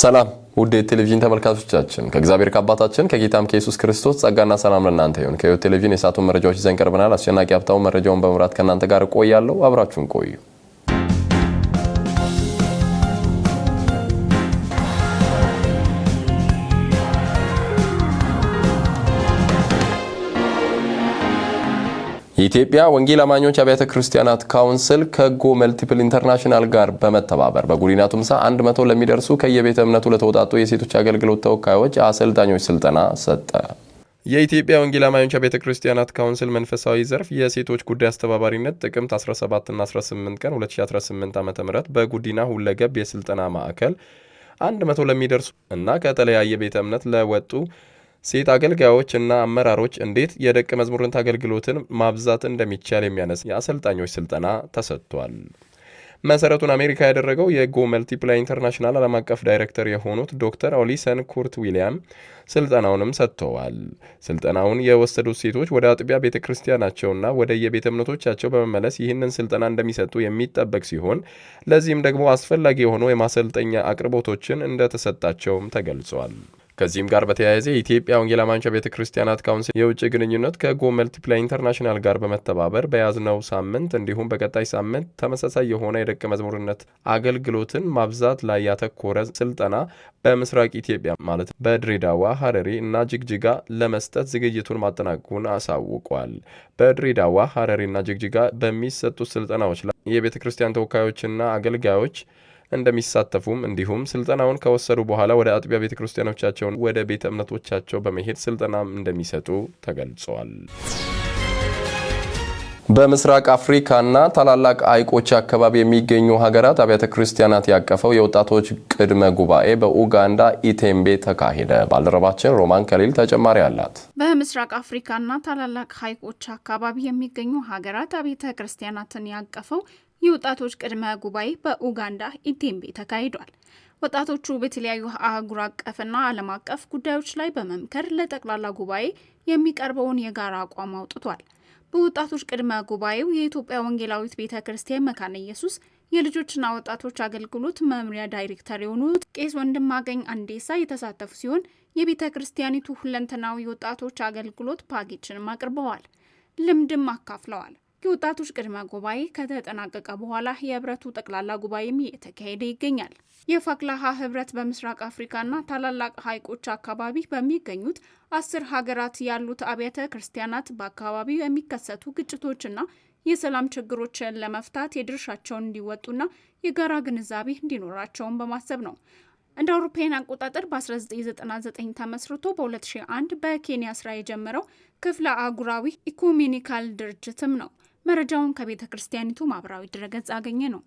ሰላም ውድ ቴሌቪዥን ተመልካቾቻችን ከእግዚአብሔር ከአባታችን ከጌታም ከኢየሱስ ክርስቶስ ጸጋና ሰላም ለእናንተ ይሁን። ከሕይወት ቴሌቪዥን የሰዓቱን መረጃዎች ይዘን ቀርበናል። አስጨናቂ ሀብታው መረጃውን በመምራት ከእናንተ ጋር እቆያለሁ። አብራችሁን ቆዩ። የኢትዮጵያ ወንጌል አማኞች አብያተ ክርስቲያናት ካውንስል ከጎ መልቲፕል ኢንተርናሽናል ጋር በመተባበር በጉዲና ቱምሳ 100 ለሚደርሱ ከየቤተ እምነቱ ለተውጣጡ የሴቶች አገልግሎት ተወካዮች አሰልጣኞች ስልጠና ሰጠ። የኢትዮጵያ ወንጌል አማኞች አብያተ ክርስቲያናት ካውንስል መንፈሳዊ ዘርፍ የሴቶች ጉዳይ አስተባባሪነት ጥቅምት 17ና 18 ቀን 2018 ዓ ም በጉዲና ሁለገብ የስልጠና ማዕከል 100 ለሚደርሱ እና ከተለያየ ቤተ እምነት ለወጡ ሴት አገልጋዮች እና አመራሮች እንዴት የደቀ መዝሙርነት አገልግሎትን ማብዛት እንደሚቻል የሚያነሳ የአሰልጣኞች ስልጠና ተሰጥቷል። መሰረቱን አሜሪካ ያደረገው የጎ መልቲፕላይ ኢንተርናሽናል ዓለም አቀፍ ዳይሬክተር የሆኑት ዶክተር ኦሊሰን ኩርት ዊሊያም ስልጠናውንም ሰጥተዋል። ስልጠናውን የወሰዱት ሴቶች ወደ አጥቢያ ቤተ ክርስቲያናቸውና ወደ የቤተ እምነቶቻቸው በመመለስ ይህንን ስልጠና እንደሚሰጡ የሚጠበቅ ሲሆን ለዚህም ደግሞ አስፈላጊ የሆኑ የማሰልጠኛ አቅርቦቶችን እንደተሰጣቸውም ተገልጿል። ከዚህም ጋር በተያያዘ የኢትዮጵያ ወንጌል አማኞች ቤተ ክርስቲያናት ካውንስል የውጭ ግንኙነት ከጎ መልቲፕላይ ኢንተርናሽናል ጋር በመተባበር በያዝነው ሳምንት እንዲሁም በቀጣይ ሳምንት ተመሳሳይ የሆነ የደቀ መዝሙርነት አገልግሎትን ማብዛት ላይ ያተኮረ ስልጠና በምስራቅ ኢትዮጵያ ማለት በድሬዳዋ፣ ሀረሪ እና ጅግጅጋ ለመስጠት ዝግጅቱን ማጠናቀቁን አሳውቋል። በድሬዳዋ እና ጅግጅጋ በሚሰጡት ስልጠናዎች ላይ የቤተ ክርስቲያን ተወካዮችና አገልጋዮች እንደሚሳተፉም እንዲሁም ስልጠናውን ከወሰዱ በኋላ ወደ አጥቢያ ቤተ ክርስቲያኖቻቸውን ወደ ቤተ እምነቶቻቸው በመሄድ ስልጠናም እንደሚሰጡ ተገልጿል። በምስራቅ አፍሪካና ታላላቅ ሐይቆች አካባቢ የሚገኙ ሀገራት አብያተ ክርስቲያናት ያቀፈው የወጣቶች ቅድመ ጉባኤ በኡጋንዳ ኢቴምቤ ተካሄደ። ባልደረባችን ሮማን ከሊል ተጨማሪ አላት። በምስራቅ አፍሪካና ታላላቅ ሐይቆች አካባቢ የሚገኙ ሀገራት አብያተ ክርስቲያናትን ያቀፈው የወጣቶች ቅድመ ጉባኤ በኡጋንዳ ኢቴምቤ ተካሂዷል። ወጣቶቹ በተለያዩ አህጉር አቀፍና ዓለም አቀፍ ጉዳዮች ላይ በመምከር ለጠቅላላ ጉባኤ የሚቀርበውን የጋራ አቋም አውጥቷል። በወጣቶች ቅድመ ጉባኤው የኢትዮጵያ ወንጌላዊት ቤተ ክርስቲያን መካነ ኢየሱስ የልጆችና ወጣቶች አገልግሎት መምሪያ ዳይሬክተር የሆኑት ቄስ ወንድማገኝ አንዴሳ የተሳተፉ ሲሆን የቤተ ክርስቲያኒቱ ሁለንተናዊ ወጣቶች አገልግሎት ፓኬጅንም አቅርበዋል። ልምድም አካፍለዋል። የወጣቶች ቅድመ ጉባኤ ከተጠናቀቀ በኋላ የህብረቱ ጠቅላላ ጉባኤም እየተካሄደ ይገኛል። የፋክላሃ ህብረት በምስራቅ አፍሪካና ታላላቅ ሀይቆች አካባቢ በሚገኙት አስር ሀገራት ያሉት አብያተ ክርስቲያናት በአካባቢው የሚከሰቱ ግጭቶችና የሰላም ችግሮችን ለመፍታት የድርሻቸውን እንዲወጡና የጋራ ግንዛቤ እንዲኖራቸውን በማሰብ ነው። እንደ አውሮፓውያን አቆጣጠር በ1999 ተመስርቶ በ2001 በኬንያ ስራ የጀመረው ክፍለ አህጉራዊ ኢኩሜኒካል ድርጅትም ነው። መረጃውን ከቤተ ክርስቲያኒቱ ማህበራዊ ድረገጽ አገኘ ነው።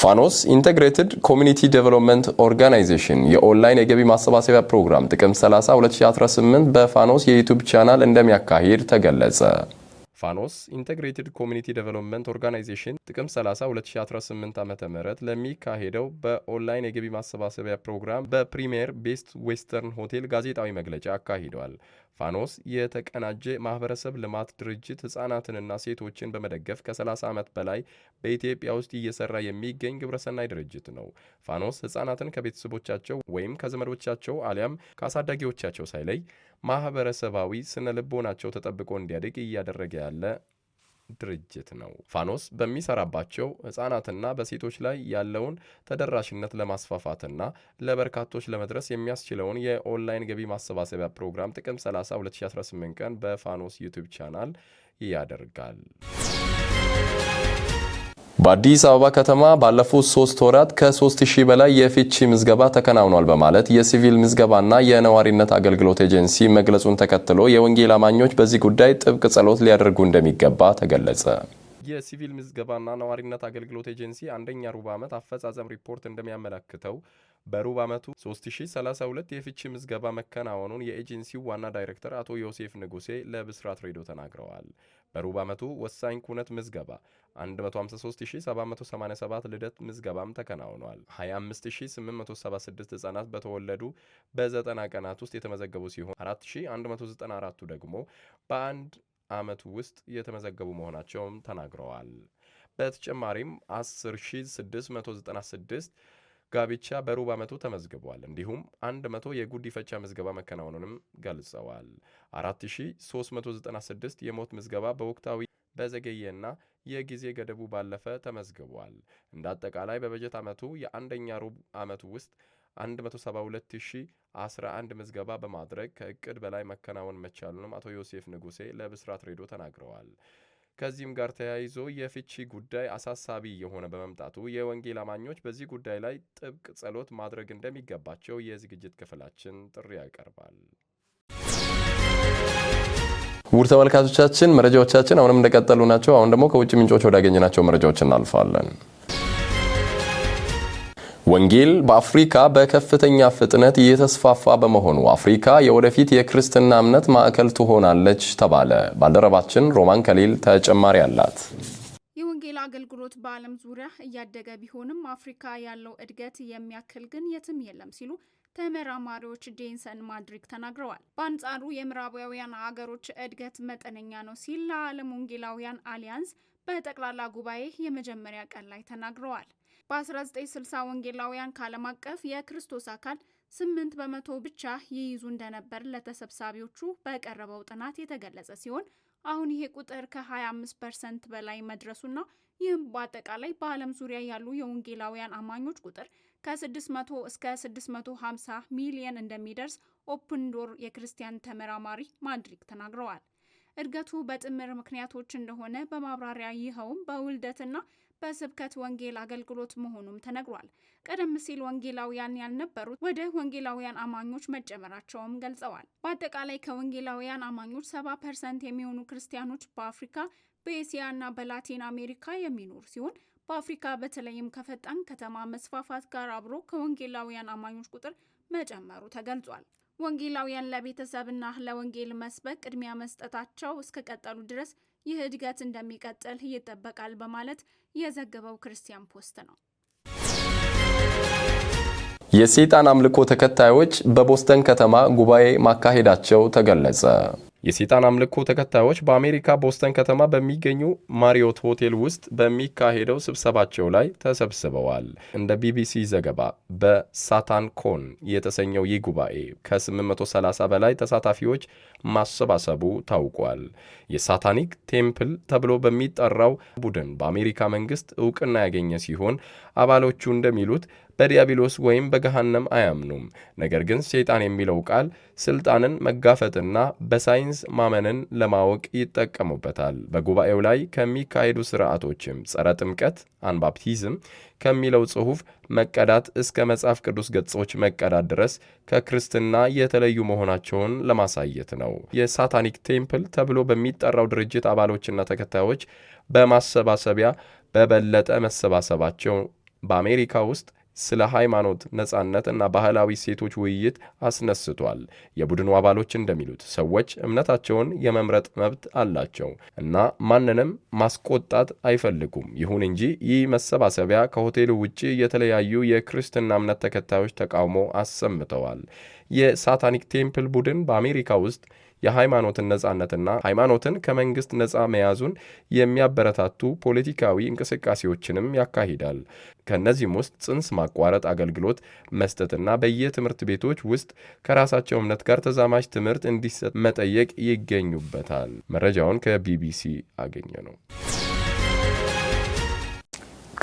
ፋኖስ ኢንቴግሬትድ ኮሚኒቲ ዴቨሎፕመንት ኦርጋናይዜሽን የኦንላይን የገቢ ማሰባሰቢያ ፕሮግራም ጥቅምት 30 2018 በፋኖስ የዩቱብ ቻናል እንደሚያካሂድ ተገለጸ። ፋኖስ ኢንቴግሬትድ ኮሚኒቲ ዴቨሎፕመንት ኦርጋናይዜሽን ጥቅምት 30 2018 ም ለሚካሄደው በኦንላይን የገቢ ማሰባሰቢያ ፕሮግራም በፕሪሚየር ቤስት ዌስተርን ሆቴል ጋዜጣዊ መግለጫ አካሂደዋል። ፋኖስ የተቀናጀ ማህበረሰብ ልማት ድርጅት ህጻናትንና ሴቶችን በመደገፍ ከ30 ዓመት በላይ በኢትዮጵያ ውስጥ እየሰራ የሚገኝ ግብረሰናይ ድርጅት ነው። ፋኖስ ህጻናትን ከቤተሰቦቻቸው ወይም ከዘመዶቻቸው አሊያም ከአሳዳጊዎቻቸው ሳይለይ ማህበረሰባዊ ስነ ልቦናቸው ተጠብቆ እንዲያድግ እያደረገ ያለ ድርጅት ነው። ፋኖስ በሚሰራባቸው ህጻናትና በሴቶች ላይ ያለውን ተደራሽነት ለማስፋፋትና ለበርካቶች ለመድረስ የሚያስችለውን የኦንላይን ገቢ ማሰባሰቢያ ፕሮግራም ጥቅምት 30 2018 ቀን በፋኖስ ዩቱብ ቻናል ያደርጋል። በአዲስ አበባ ከተማ ባለፉት ሶስት ወራት ከ 3000 ሺህ በላይ የፍቺ ምዝገባ ተከናውኗል በማለት የሲቪል ምዝገባና የነዋሪነት አገልግሎት ኤጀንሲ መግለጹን ተከትሎ የወንጌል አማኞች በዚህ ጉዳይ ጥብቅ ጸሎት ሊያደርጉ እንደሚገባ ተገለጸ። የሲቪል ምዝገባና ነዋሪነት አገልግሎት ኤጀንሲ አንደኛ ሩብ ዓመት አፈጻጸም ሪፖርት እንደሚያመለክተው በሩብ ዓመቱ 3032 የፍቺ ምዝገባ መከናወኑን የኤጀንሲው ዋና ዳይሬክተር አቶ ዮሴፍ ንጉሴ ለብስራት ሬዲዮ ተናግረዋል። በሩብ ዓመቱ ወሳኝ ኩነት ምዝገባ 153787 ልደት ምዝገባም ተከናውኗል። 25876 ህጻናት በተወለዱ በ90 ቀናት ውስጥ የተመዘገቡ ሲሆን 4194ቱ ደግሞ በአንድ ዓመት ውስጥ የተመዘገቡ መሆናቸውም ተናግረዋል። በተጨማሪም 10696 ጋብቻ በሩብ ዓመቱ ተመዝግቧል። እንዲሁም 100 የጉዲፈቻ ምዝገባ መከናወኑንም ገልጸዋል። 4396 የሞት ምዝገባ በወቅታዊ በዘገየና የጊዜ ገደቡ ባለፈ ተመዝግቧል። እንደ አጠቃላይ በበጀት ዓመቱ የአንደኛ ሩብ ዓመቱ ውስጥ 172011 ምዝገባ በማድረግ ከእቅድ በላይ መከናወን መቻሉንም አቶ ዮሴፍ ንጉሴ ለብስራት ሬዲዮ ተናግረዋል። ከዚህም ጋር ተያይዞ የፍቺ ጉዳይ አሳሳቢ የሆነ በመምጣቱ የወንጌል አማኞች በዚህ ጉዳይ ላይ ጥብቅ ጸሎት ማድረግ እንደሚገባቸው የዝግጅት ክፍላችን ጥሪ ያቀርባል። ውድ ተመልካቾቻችን መረጃዎቻችን አሁንም እንደቀጠሉ ናቸው። አሁን ደግሞ ከውጭ ምንጮች ወዳገኘናቸው መረጃዎች እናልፋለን። ወንጌል በአፍሪካ በከፍተኛ ፍጥነት እየተስፋፋ በመሆኑ አፍሪካ የወደፊት የክርስትና እምነት ማዕከል ትሆናለች ተባለ። ባልደረባችን ሮማን ከሊል ተጨማሪ አላት። የወንጌል አገልግሎት በዓለም ዙሪያ እያደገ ቢሆንም አፍሪካ ያለው እድገት የሚያክል ግን የትም የለም ሲሉ ተመራማሪዎች ጄንሰን ማድሪክ ተናግረዋል። በአንጻሩ የምዕራባውያን አገሮች እድገት መጠነኛ ነው ሲል ለዓለም ወንጌላውያን አሊያንስ በጠቅላላ ጉባኤ የመጀመሪያ ቀን ላይ ተናግረዋል። በ1960 ወንጌላውያን ከዓለም አቀፍ የክርስቶስ አካል ስምንት በመቶ ብቻ ይይዙ እንደነበር ለተሰብሳቢዎቹ በቀረበው ጥናት የተገለጸ ሲሆን አሁን ይሄ ቁጥር ከ25 ፐርሰንት በላይ መድረሱና ይህም በአጠቃላይ በዓለም ዙሪያ ያሉ የወንጌላውያን አማኞች ቁጥር ከ600 እስከ 650 ሚሊየን እንደሚደርስ ኦፕን ዶር የክርስቲያን ተመራማሪ ማድሪክ ተናግረዋል። እድገቱ በጥምር ምክንያቶች እንደሆነ በማብራሪያ ይኸውም በውልደትና በስብከት ወንጌል አገልግሎት መሆኑም ተነግሯል። ቀደም ሲል ወንጌላውያን ያልነበሩት ወደ ወንጌላውያን አማኞች መጨመራቸውም ገልጸዋል። በአጠቃላይ ከወንጌላውያን አማኞች 70 ፐርሰንት የሚሆኑ ክርስቲያኖች በአፍሪካ እና በላቲን አሜሪካ የሚኖር ሲሆን በአፍሪካ በተለይም ከፈጣን ከተማ መስፋፋት ጋር አብሮ ከወንጌላውያን አማኞች ቁጥር መጨመሩ ተገልጿል። ወንጌላውያን ለቤተሰብና ለወንጌል መስበክ ቅድሚያ መስጠታቸው እስከ ቀጠሉ ድረስ ይህ እድገት እንደሚቀጥል ይጠበቃል በማለት የዘገበው ክርስቲያን ፖስት ነው። የሰይጣን አምልኮ ተከታዮች በቦስተን ከተማ ጉባኤ ማካሄዳቸው ተገለጸ። የሴጣን አምልኮ ተከታዮች በአሜሪካ ቦስተን ከተማ በሚገኙ ማሪዮት ሆቴል ውስጥ በሚካሄደው ስብሰባቸው ላይ ተሰብስበዋል። እንደ ቢቢሲ ዘገባ በሳታን ኮን የተሰኘው ይህ ጉባኤ ከ830 በላይ ተሳታፊዎች ማሰባሰቡ ታውቋል። የሳታኒክ ቴምፕል ተብሎ በሚጠራው ቡድን በአሜሪካ መንግስት እውቅና ያገኘ ሲሆን አባሎቹ እንደሚሉት በዲያብሎስ ወይም በገሃነም አያምኑም። ነገር ግን ሰይጣን የሚለው ቃል ስልጣንን መጋፈጥና በሳይንስ ሳይንስ ማመንን ለማወቅ ይጠቀሙበታል። በጉባኤው ላይ ከሚካሄዱ ስርዓቶችም ጸረ ጥምቀት አንባፕቲዝም ከሚለው ጽሑፍ መቀዳት እስከ መጽሐፍ ቅዱስ ገጾች መቀዳት ድረስ ከክርስትና የተለዩ መሆናቸውን ለማሳየት ነው። የሳታኒክ ቴምፕል ተብሎ በሚጠራው ድርጅት አባሎችና ተከታዮች በማሰባሰቢያ በበለጠ መሰባሰባቸው በአሜሪካ ውስጥ ስለ ሃይማኖት ነጻነት እና ባህላዊ ሴቶች ውይይት አስነስቷል። የቡድኑ አባሎች እንደሚሉት ሰዎች እምነታቸውን የመምረጥ መብት አላቸው እና ማንንም ማስቆጣት አይፈልጉም። ይሁን እንጂ ይህ መሰባሰቢያ ከሆቴሉ ውጭ የተለያዩ የክርስትና እምነት ተከታዮች ተቃውሞ አሰምተዋል። የሳታኒክ ቴምፕል ቡድን በአሜሪካ ውስጥ የሃይማኖትን ነጻነትና ሃይማኖትን ከመንግስት ነጻ መያዙን የሚያበረታቱ ፖለቲካዊ እንቅስቃሴዎችንም ያካሂዳል። ከእነዚህም ውስጥ ጽንስ ማቋረጥ አገልግሎት መስጠትና በየትምህርት ቤቶች ውስጥ ከራሳቸው እምነት ጋር ተዛማጅ ትምህርት እንዲሰጥ መጠየቅ ይገኙበታል። መረጃውን ከቢቢሲ አገኘ ነው።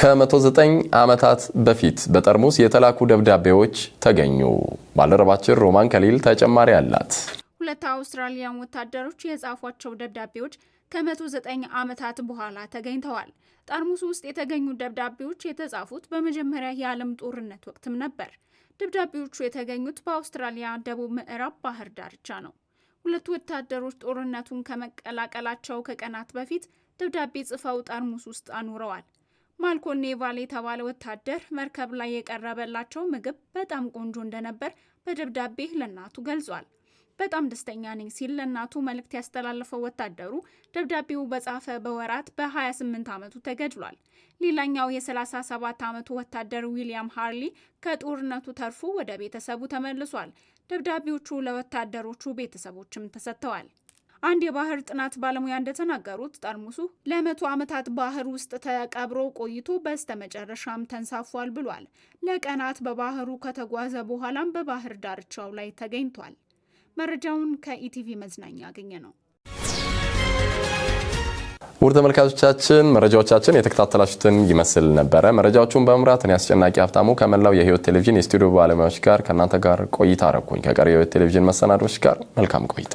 ከ109 ዓመታት በፊት በጠርሙስ የተላኩ ደብዳቤዎች ተገኙ። ባልደረባችን ሮማን ከሊል ተጨማሪ አላት። ሁለት አውስትራሊያን ወታደሮች የጻፏቸው ደብዳቤዎች ከ ዘጠኝ ዓመታት በኋላ ተገኝተዋል። ጠርሙስ ውስጥ የተገኙ ደብዳቤዎች የተጻፉት በመጀመሪያ የዓለም ጦርነት ወቅትም ነበር። ደብዳቤዎቹ የተገኙት በአውስትራሊያ ደቡብ ምዕራብ ባህር ዳርቻ ነው። ሁለቱ ወታደሮች ጦርነቱን ከመቀላቀላቸው ከቀናት በፊት ደብዳቤ ጽፈው ጠርሙስ ውስጥ አኑረዋል። ማልኮል ኔቫል የተባለ ወታደር መርከብ ላይ የቀረበላቸው ምግብ በጣም ቆንጆ እንደነበር በደብዳቤ ለእናቱ ገልጿል። በጣም ደስተኛ ነኝ ሲል ለእናቱ መልእክት ያስተላለፈው ወታደሩ ደብዳቤው በጻፈ በወራት በ28 ዓመቱ ተገድሏል። ሌላኛው የ37 ዓመቱ ወታደር ዊሊያም ሃርሊ ከጦርነቱ ተርፎ ወደ ቤተሰቡ ተመልሷል። ደብዳቤዎቹ ለወታደሮቹ ቤተሰቦችም ተሰጥተዋል። አንድ የባህር ጥናት ባለሙያ እንደተናገሩት ጠርሙሱ ለመቶ ዓመታት ባህር ውስጥ ተቀብሮ ቆይቶ በስተመጨረሻም ተንሳፏል ብሏል። ለቀናት በባህሩ ከተጓዘ በኋላም በባህር ዳርቻው ላይ ተገኝቷል። መረጃውን ከኢቲቪ መዝናኛ ያገኘ ነው። ውድ ተመልካቾቻችን መረጃዎቻችን የተከታተላችሁትን ይመስል ነበረ። መረጃዎቹን በመምራት እኔ አስጨናቂ ሀብታሙ ከመላው የህይወት ቴሌቪዥን የስቱዲዮ ባለሙያዎች ጋር ከእናንተ ጋር ቆይታ አረኩኝ። ከቀሪ የህይወት ቴሌቪዥን መሰናዶች ጋር መልካም ቆይታ